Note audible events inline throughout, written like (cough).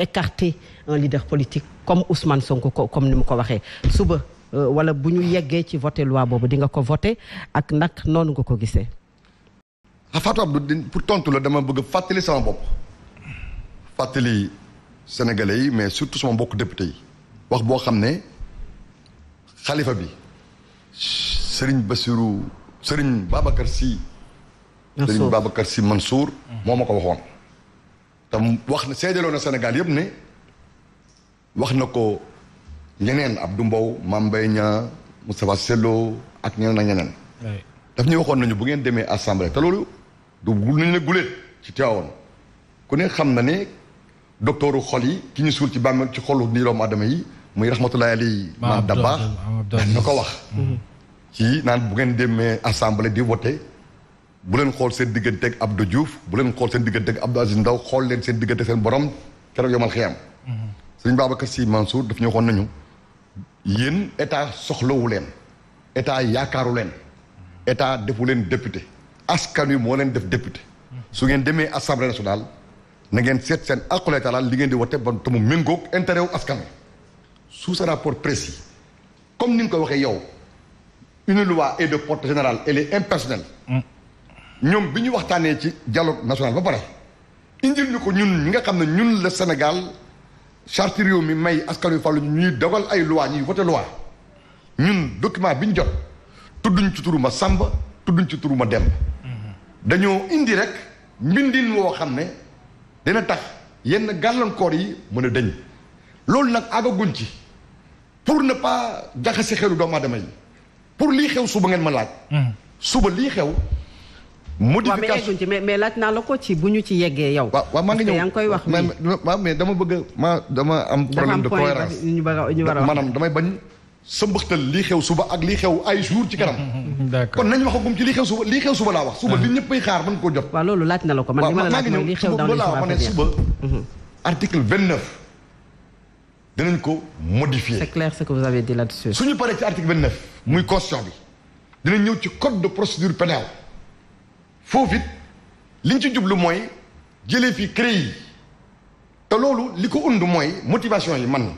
écarter un leader politique comme Ousmane Sonko comme ni mu ko waxee suba euh, wala bu ñu yeggee ci voté loi boobu di nga ko vote ak nag noonu nga ko gisee. ah Fatou Abdou pour tontu la dama bëgg fàttali sama bopp fàttali sénégalais yi mais surtout sama mbokk député yi wax boo xam ne xalifa bi sëriñ Bassirou Serigne Babacar Sy. Serigne moo ma ko waxoon. tam wax na seedaloon na Sénégal yëpp ne wax na ko ñeneen Abdou Mbow mbay ña mu Moustapha Sello ak ñeneen na ñeneen daf ñuy waxoon nañu bu ngeen demee assemblée te loolu du nañ ne guléet ci Tivaouane ku ne xam na ne docteuru xol yi ki ñu suul ci bàmmeel ci xolu nii doomu adama yi muy rahmatullahi alayhi ma dabaax na ko wax mhm. ci naan bu ngeen demee assemblée di voté bu leen xool seen digganteeg Abdou Diouf bu leen xool seen digganteeg Abdou Aziz Ndaw xool leen seen diggante seen borom keroog yomal xiyam. Mhm. sëñ Babacar Sy Mansour daf ñu waxoon nañu yéen état leen état yaakaaru leen wi moo leen def député mhm. su ngeen demee assemblée nationale na ngeen seet seen akule talaal ngeen di wote ba te mu méngoog intérêt wu askan wi sous ce rapport précis comme ni nga ko waxee yow une loi est de portée générale elle est impersonnelle. Mm. ñoom bi ñu waxtaanee ci dialogue national ba pare indil ñu ko ñun ñi nga xam ne ñun la Sénégal charte réew mi may askan wi fàllu ñuy dogal ay loi ñuy voté loi ñun document bi ñu jot tudduñ ci turu ma Samba tudduñ ci turu ma dem dañoo indi rek mbindin woo xam ne dina tax yenn gàllankoor yi mën a dëñ loolu nag àggaguñ ci pour ne pas jaxase xelu doomu aadama yi pour lii xew suba ngeen ma laaj mm-hmm. suba lii xew modification mais mais mais laaj naa la ko ci bu ñu ci yeggee yow. waaw waaw maa ngi ñëw yaa ngi koy wax. waaw mais dama bëgg ma dama am. problème de cohérence ñu war a wax maanaam damay bañ. sa mbëxtal lii xew suba ak lii xew ay jour ci kanam. (laughs) kon nañ waxagum ci lii xew suba lii xew suba laa wax. suba li ah. ñëppay xaar mën koo jot. waaw loolu laaj na la ko man li ma la laaj mooy lii xew la ne suba. Mhm. article vingt neuf. dinañ ko modifier. c'est clair ce que vous avez dit là-dessus. suñu paree ci article vingt neuf. muy constitution bi. dinañ ñëw ci code de procédure pénale foofu it liñ ci jublu mooy jëlee fii CREI te loolu li ko und mooy motivation yi man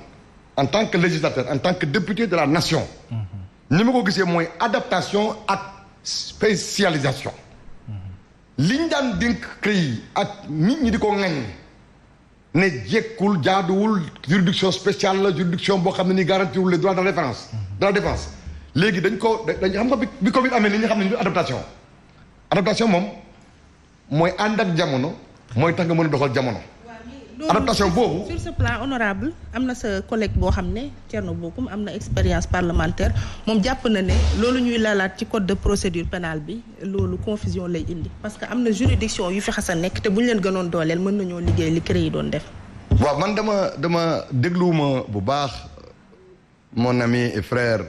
en tant que législateur en tant que député de la nation mm-hmm. ni ma ko gisee mooy adaptation ak spécialisation mm-hmm. liñ daan dénk CREI yi ak nit ñi di ko ŋañ ne jekkul jaaduwul juridiction spéciale la juridiction boo xam ne ni garantiwul les droits de la défense mm-hmm. de la défense léegi dañ ko dañ xam nga bi bi Covid amee ni ñu xam ne ñu adaptation adaptation moom mooy ànd ak jamono mooy tax nga mën a doxal jamono. adaptation boobu sur ce plan honorable am na sa collègue boo xam ne Thierno Bocoum am na expérience parlementaire moom jàpp na ne loolu ñuy laalaat ci code de procédure pénale bi loolu confusion lay indi parce que am na juridiction yu fi xas a nekk te bu ñu leen gënoon dooleel mën nañoo liggéey li CREI yi doon def. waaw man dama dama dégluwuma bu baax mon ami et frère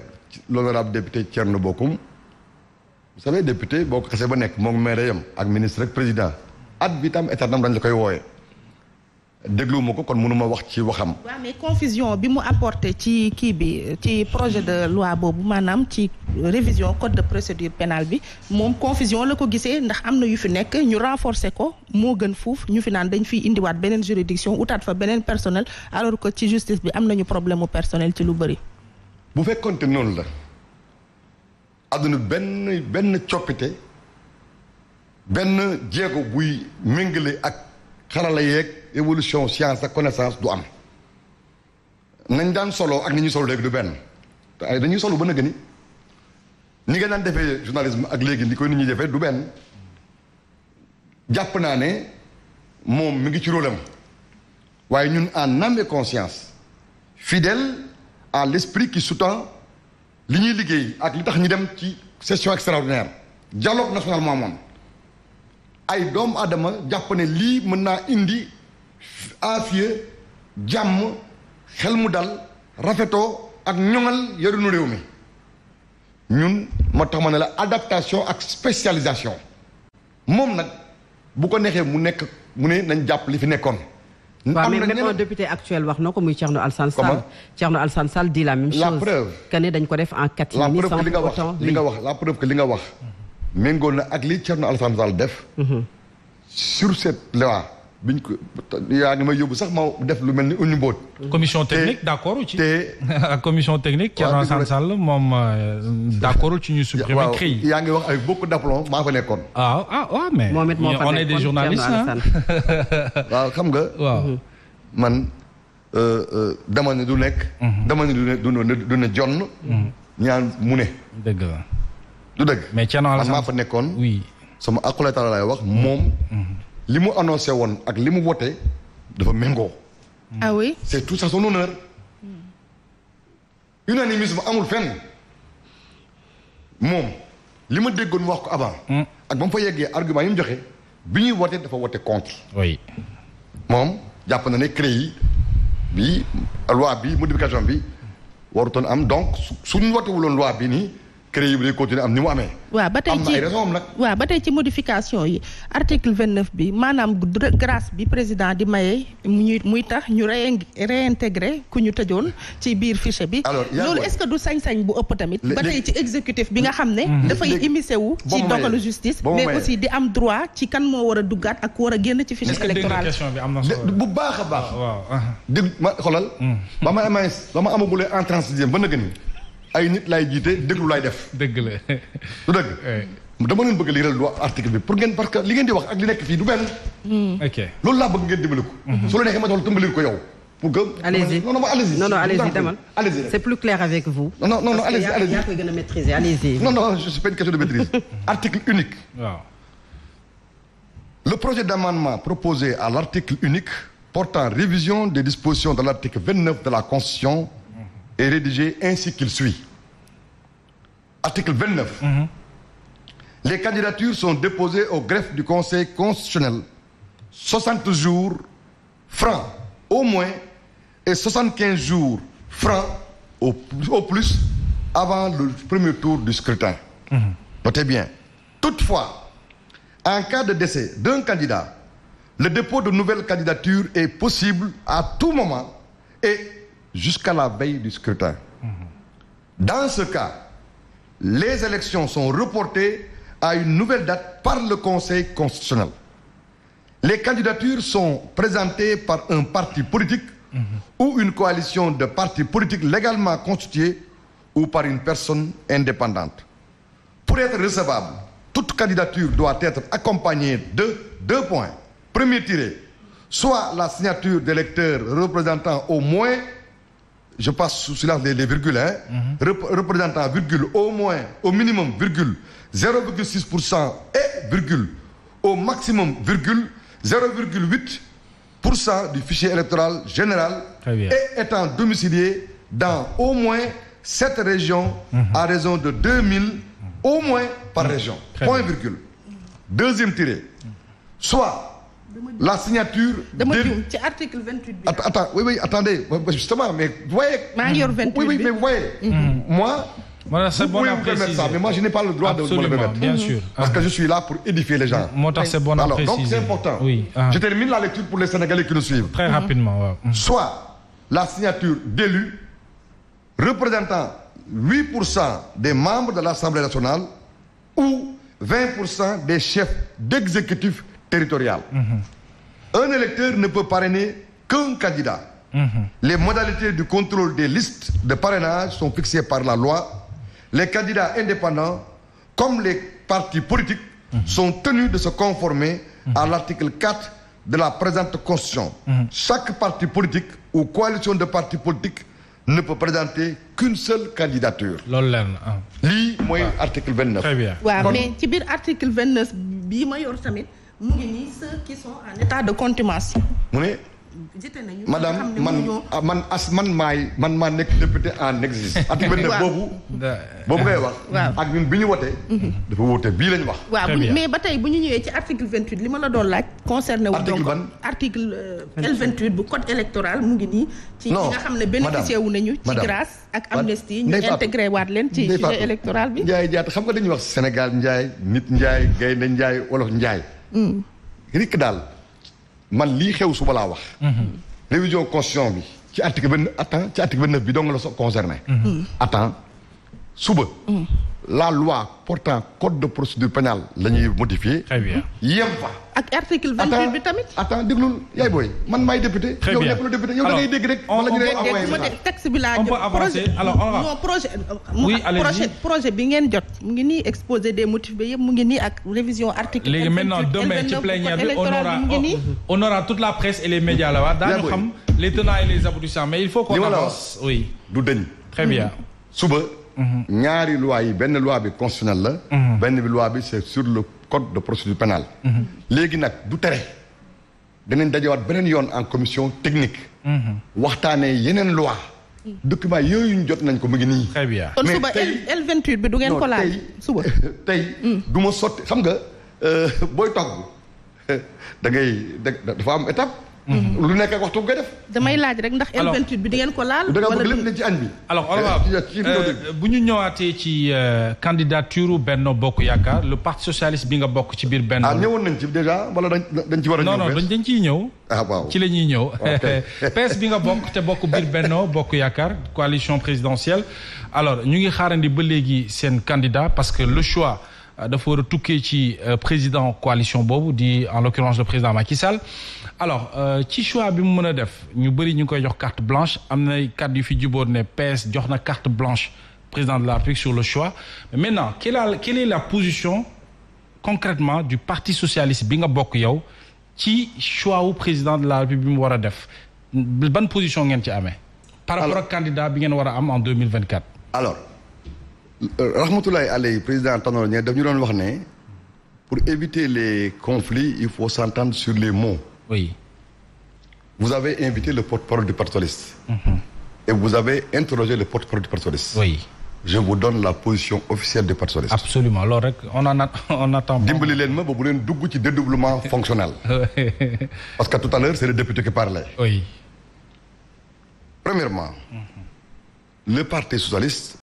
l'honorable député Thierno Bocoum vous savez député boo ko xasee ba nekk moom maire yam ak ministre ak président ad vitam aeternam dañ la koy wooye dégluwuma ko kon mënuma wax ci waxam. waaw mais confusion bi mu apporté ci kii bi ci projet de loi boobu maanaam ci révision code de procédure pénale bi moom confusion la ko gisee ndax am na yu fi nekk ñu renforcer ko moo gën fuuf ñu fi naan dañ fi indiwaat beneen juridiction utaat fa beneen personnel alors que ci justice bi am nañu problème mu personnel ci lu bëri. bu fekkonte noonu la. àdduna benn benn coppite benn jéego buy méngale ak xarala yeeg évolution science ak connaissance du am nañ daan solo ak ni ñuy solo léegi du benn te ay dañuy solo ba nëgë ni ni nga daan defee journalisme ak léegi ni koy nit ñuy defee du benn jàpp naa ne moom mi ngi ci rôle waaye ñun en âme et conscience fidèle à l'esprit qui sous li ñuy liggéey ak li tax ñu dem ci session extraordinaire dialogue national moo amoon ay doomu aadama jàpp ne lii mën naa indi aafiya jàmm xel mu dal rafetoo ak ñoŋal yorinu réew mi ñun ma tax ma ne la adaptation ak spécialisation moom nag bu ko neexee mu nekk mu ne nañ jàpp li fi nekkoon waaw mais même un député actuel wax na ko muy Thierno Alassane Sall. comment Thierno Alassane Sall dit la même chose. la dañ ko def en catimini. sans pour autant li nga wax la preuve que li nga wax. méngóo na ak li Thierno Alassane Sall def. Mhm. sur cette loi. biñ ko yaa ngi may yóbbu sax ma def lu mel ni uñu mbóot commission technique d'accord ci te (laughs) commission technique Thierno Alassane Sall moom euh, d'accord ci ñu supprimer CREI yaa ngi wax avec beaucoup d'aplomb maa nekkoon ah, ah, waaw ah (laughs) xam nga waaw man euh, euh, dama ne du nekk mhm. dama ne du ne jonn mhm. ñaan mu ne dëgg la du dëgg mais Thierno Alassane maa fa nekkoon oui sama akulaay taala wax moom mhm. li mu annoncé woon ak li mu wote dafa méngoo. ah oui c'est tout ça son honneur. Hmm. unanimisme amul fenn moom li ma déggoon wax ko abant hmm. ak ba mu fa yeggee argument yi mu joxe bi ñuy wote dafa wote contre. oui moom jàpp na ne CREI bi loi bi modification bi warutoon am donc suñu wotewuloon loi bi nii. crédit bi day continuer am ni mu amee. waaw ba tey ci waaw ba tey ci modification yi article vingt neuf bi maanaam grâce bi président di maye muy muy tax ñu réintégré ku ñu tëjoon ci biir fichier bi. alors loolu est-ce que sañ bu ëpp tamit. ba tey ci exécutif bi nga xam ne. Mhm. dafay immiscé wu ci dogalu justice. mais aussi di am droit ci kan moo war a duggaat ak ku war a génn ci fichier électoral. bu baax a baax. dégg ma xoolal. Mhm. ba ma amee ba ma amagulee en ba nag nii. ay nit laay jiite déglu laay def. dëgg la. du dëgg. dama leen bëgg liiral lu article bi pour ngeen parce que li ngeen di wax ak li nekk fii du benn. Hmm. ok loolu laa bëgg ngeen dimbali ko. Mhm. su la neexee ma doon tëmbali ko yow. pour que allez-y non non allez-y non non allez-y demal allez-y c'est plus clair avec vous. non non non allez-y allez-y yaa koy gën a maîtriser allez-y. non non c'est pas une question de maîtrise. (laughs) article unique. waaw. le projet d'amendement proposé à l'article unique portant révision des dispositions de l'article 29 de la Constitution. est rédigé ainsi qu'il suit. Article 29. Mm -hmm. Les candidatures sont déposées au greffe jours francs au moins et 75 jours francs plus avant le premier tour du scrutin. Mm -hmm. Notez bien. en cas de décès d'un candidat, le de nouvelles candidatures est possible à tout moment jusqu'à la veille du scrutin. Dans ce cas, les élections sont reportées à une nouvelle date par le Conseil constitutionnel. Les candidatures sont présentées par un parti politique mmh. ou une coalition de partis politiques légalement constitués ou par une personne indépendante. Pour être recevable, toute candidature doit être accompagnée de deux points. Premier tiré, soit la signature d'électeurs représentant au moins je passe sous silence les les virgules hein. Mm -hmm. représentant au moins au minimum virgule zéro pour cent et au maximum virgule zéro virgule huit pour cent du fichier électoral général. Très bien. et étant domicilié dans au moins sept régions. Mm à raison de deux mille au moins par mm -hmm. région. Très deuxième tiré soit. la signature. dama juum ci article vingt huit bi. attends oui oui attendez justement mais vous voyez. maa vous voyez. Mm-hmm. moi. je n'ai pas le droit de. absolument bien parce que ah. je suis là pour édifier les gens. donc c'est important. oui ah. je termine la lecture pour les Sénégalais qui nous suivent. Mm-hmm. soit la signature d'élus représentant des membres de l'Assemblée nationale ou pour cent des chefs d'exécutif territoriale. Mmh. Un électeur ne mhm. Les modalités du contrôle des listes de parrainage sont fixées par la loi. Les candidats indépendants, comme les partis politiques, mhm. de se conformer mhm. à de la présente Constitution. Chaque parti politique ou coalition de partis politiques ne mu ngi nii ceux qui sont de contumace. mu ne. jite nañu madame man ah, man as man maay man maa nekk député en exercice. (laughs) article boobu. boobu ngay eh. wax. ak ñun bi ñu wotee. Mhm. dafa woote bii lañ wax. waaw mais ba tey bu ñu ñëwee ci article vingt huit li ma la doon laaj. concerné wu donc article euh, L vingt bu code électoral mu ngi nii. ci ñi nga xam ne bénéficié wu nañu. ci grâce ak amnistie ñu intégré waat leen. ci fichier électoral bi. Ndiaye jaata xam nga dañuy wax Sénégal Ndiaye nit Ndiaye gaynde Ndiaye wolof Ndiaye. rikk daal man lii xew suba laa wax. Mhm. révision constitution bi ci article vingt attends ci article vingt neuf bi dong la so concerné. Mhm. attends suba. Mhm. la loi portant code de procédure pénale la ñuy modifier. très bien yem fa. ak article vingt huit bi tamit. attends man maay député. très bien yow député yow da ngay dégg rek. on projet non projet. Euh, euh, oui projet projet bi ngeen jot. mu ngi nii exposé des motifs bi yëpp mu ngi ni ak révision article. léegi maintenant demain ci plénière bi on aura toute la presse et les médias là-bas. daañu xam les tenants et les aboutissants mais il faut qu'on avance oui. du dëñ. très ñaari loi yi benn loi bi constitutionnelle la. Mhm. benn bi loi bi c' est sur le code de procédure pénale. Mhm. léegi nag du tere danañ dajawaat beneen yoon en commission technique. Mhm. waxtaanee yeneen loi document yooyu ñu jot nañ ko mu ngi nii. très bien kon suba L 28 bi du ngeen ko laaj. suba (laughs) tey mm. du ma sotti xam nga euh, booy togg (laughs) da ngay dafa am étape. lu nekk waxtu bu koy def. damay laaj rek ndax. alors bi di ngeen ko laal. wala lépp ne ci añ bi. alors (laughs) euh, bu ñu ñëwaatee ci euh, candidature Benno Bokk Yaakaar le parti socialiste bi nga bokk ci biir Benno. ah ñëwoon nañ ci déjà wala dañ dañ ci war a. ñëw non dañ ciy ñëw. Ah, waaw ci la ñuy ñëw. (laughs) (laughs) PS bi nga bokk te bokk biir Benno Bokk Yaakaar coalition présidentielle. alors ñu ngi xaarandi ba léegi seen candidat parce que le choix. Euh, dafa war a tukkee ci président coalition boobu di en l'occurrence le président Macky Sall alors euh, ci choix bi mu mën a def ñu bëri ñu ngi koy jox carte blanche am na carte yu fi jubóor ne PS jox na carte blanche président de la République sur le choix mais maintenant quelle est la position concrètement du parti socialiste bi nga bokk yow ci choix wu président de la République bi mu war a def ban position ngeen ci amee. par rapport ak candidat bi ngeen war a am en deux mille vingt quatre. alors Rahmatoulaye Aley président Tanor Dieng daf ñu doon wax ne pour éviter les conflits il faut s'entendre sur les mots. Oui. Vous avez invité le porte-parole du Parti socialiste. Mm -hmm. Et vous avez interrogé le porte-parole du Parti socialiste. je vous donne la position officielle du Parti socialiste. absolument loolu en a (laughs) on attend. dimbali leen ma ba bu dédoublement (laughs) fonctionnel. parce que tout à l'heure c'est le député qui parlait. premièrement. Mhm. le Parti socialiste.